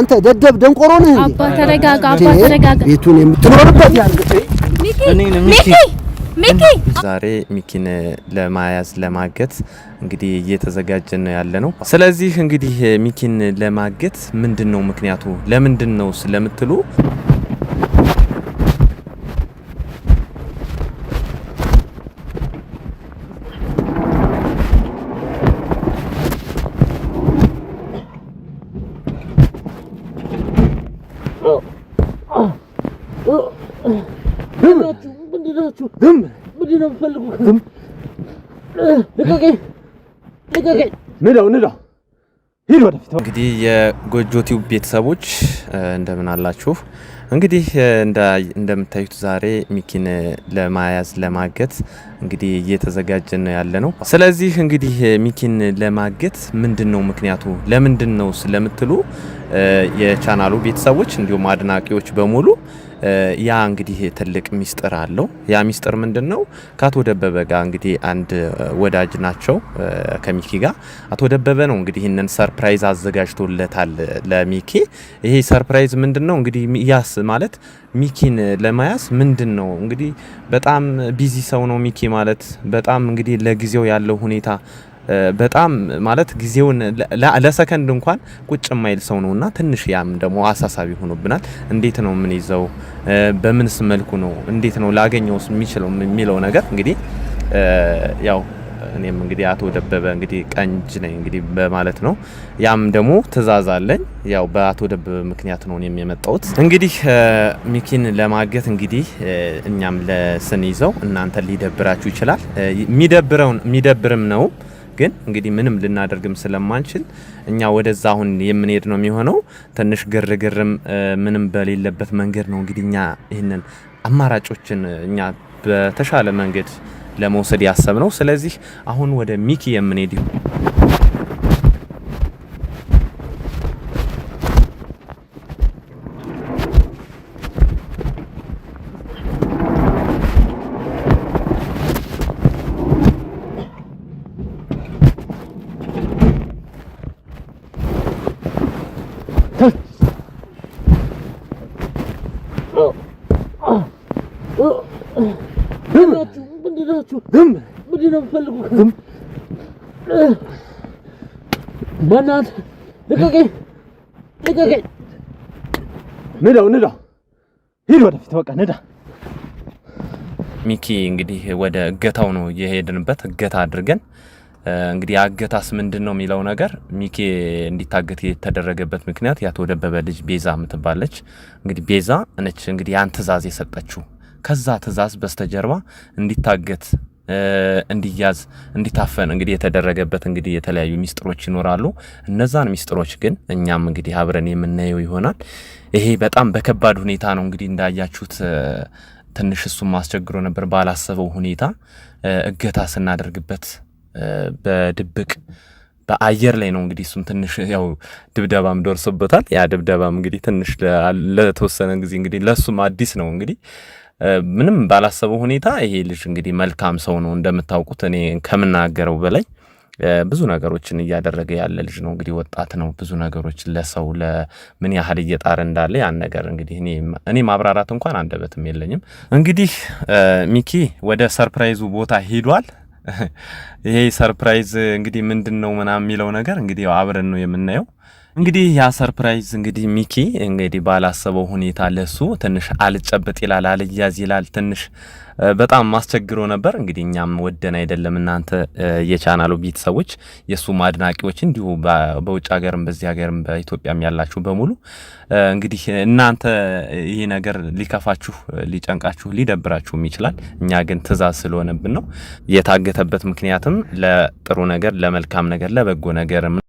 አንተ ደደብ ደንቆሮ ነህ አባ ተረጋጋ፣ አባ ተረጋጋ። ቤቱን የምትኖርበት ያርግት። ሚኪ ሚኪ፣ ዛሬ ሚኪን ለማያዝ ለማገት እንግዲህ እየተዘጋጀን ነው ያለ ነው። ስለዚህ እንግዲህ ሚኪን ለማገት ምንድን ነው ምክንያቱ ለምንድን ነው ስለምትሉ እንግዲህ የጎጆ ቲዩብ ቤተሰቦች እንደምን አላችሁ? እንግዲህ እንደምታዩት ዛሬ ሚኪን ለማያዝ ለማገት እንግዲህ እየተዘጋጀን ነው ያለ ነው። ስለዚህ እንግዲህ ሚኪን ለማገት ምንድን ነው ምክንያቱ ለምንድን ነው ስለምትሉ የቻናሉ ቤተሰቦች እንዲሁም አድናቂዎች በሙሉ ያ እንግዲህ ትልቅ ሚስጥር አለው። ያ ሚስጥር ምንድን ነው? ከአቶ ደበበ ጋር እንግዲህ አንድ ወዳጅ ናቸው ከሚኪ ጋር አቶ ደበበ ነው እንግዲህ ይህንን ሰርፕራይዝ አዘጋጅቶለታል ለሚኪ። ይሄ ሰርፕራይዝ ምንድን ነው እንግዲህ ያስ ማለት ሚኪን ለመያዝ ምንድን ነው እንግዲህ በጣም ቢዚ ሰው ነው ሚኪ ማለት በጣም እንግዲህ ለጊዜው ያለው ሁኔታ በጣም ማለት ጊዜውን ለሰከንድ እንኳን ቁጭ የማይል ሰው ነው እና ትንሽ ያም ደግሞ አሳሳቢ ሆኖብናል። እንዴት ነው ምን ይዘው በምንስ መልኩ ነው እንዴት ነው ላገኘውስ የሚችለው የሚለው ነገር እንግዲህ ያው እኔም እንግዲህ አቶ ደበበ እንግዲህ ቀንጅ ነኝ እንግዲህ በማለት ነው። ያም ደግሞ ትእዛዝ አለኝ ያው በአቶ ደበበ ምክንያት ነው እኔም የመጣሁት። እንግዲህ ሚኪን ለማገት እንግዲህ እኛም ለስን ይዘው እናንተ ሊደብራችሁ ይችላል። የሚደብረውን የሚደብርም ነው ግን እንግዲህ ምንም ልናደርግም ስለማንችል እኛ ወደዛ አሁን የምንሄድ ነው የሚሆነው። ትንሽ ግርግርም ምንም በሌለበት መንገድ ነው እንግዲህ እኛ ይህንን አማራጮችን እኛ በተሻለ መንገድ ለመውሰድ ያሰብ ነው። ስለዚህ አሁን ወደ ሚኪ የምንሄድ የምትፈልጊው? ዝም ምንድን ነው የምትፈልጉ? ዝም ልቀቀኝ፣ ልቀቀኝ። ንዳው፣ ንዳው፣ ሂድ ወደፊት፣ በቃ ንዳ። ሚኪ እንግዲህ ወደ እገታው ነው እየሄድንበት እገታ አድርገን እንግዲህ አገታስ ምንድን ነው የሚለው ነገር ሚኪ እንዲታገት የተደረገበት ምክንያት የአቶ ደበበ ልጅ ቤዛ የምትባለች እንግዲህ ቤዛ እነች እንግዲህ ያን ትእዛዝ የሰጠችው ከዛ ትዕዛዝ በስተጀርባ እንዲታገት እንዲያዝ እንዲታፈን እንግዲህ የተደረገበት እንግዲህ የተለያዩ ሚስጥሮች ይኖራሉ። እነዛን ሚስጥሮች ግን እኛም እንግዲህ አብረን የምናየው ይሆናል። ይሄ በጣም በከባድ ሁኔታ ነው እንግዲህ እንዳያችሁት ትንሽ እሱም አስቸግሮ ነበር። ባላሰበው ሁኔታ እገታ ስናደርግበት በድብቅ በአየር ላይ ነው እንግዲህ እሱም ትንሽ ያው ድብደባም ደርሶበታል። ያ ድብደባም እንግዲህ ትንሽ ለተወሰነ ጊዜ እንግዲህ ለእሱም አዲስ ነው እንግዲህ ምንም ባላሰበው ሁኔታ ይሄ ልጅ እንግዲህ መልካም ሰው ነው። እንደምታውቁት እኔ ከምናገረው በላይ ብዙ ነገሮችን እያደረገ ያለ ልጅ ነው። እንግዲህ ወጣት ነው። ብዙ ነገሮች ለሰው ለምን ያህል እየጣረ እንዳለ ያን ነገር እንግዲህ እኔ ማብራራት እንኳን አንደበትም የለኝም። እንግዲህ ሚኪ ወደ ሰርፕራይዙ ቦታ ሂዷል። ይሄ ሰርፕራይዝ እንግዲህ ምንድን ነው ምናምን የሚለው ነገር እንግዲህ አብረን ነው የምናየው። እንግዲህ ያ ሰርፕራይዝ እንግዲህ ሚኪ እንግዲህ ባላሰበው ሁኔታ ለሱ ትንሽ አልጨበጥ ይላል፣ አልያዝ ይላል። ትንሽ በጣም አስቸግሮ ነበር። እንግዲህ እኛም ወደን አይደለም እናንተ የቻናሉ ቤተሰቦች፣ የእሱ አድናቂዎች፣ እንዲሁ በውጭ ሀገርም በዚህ ሀገርም በኢትዮጵያም ያላችሁ በሙሉ እንግዲህ እናንተ ይህ ነገር ሊከፋችሁ፣ ሊጨንቃችሁ፣ ሊደብራችሁም ይችላል። እኛ ግን ትእዛዝ ስለሆነብን ነው። የታገተበት ምክንያትም ለጥሩ ነገር፣ ለመልካም ነገር፣ ለበጎ ነገር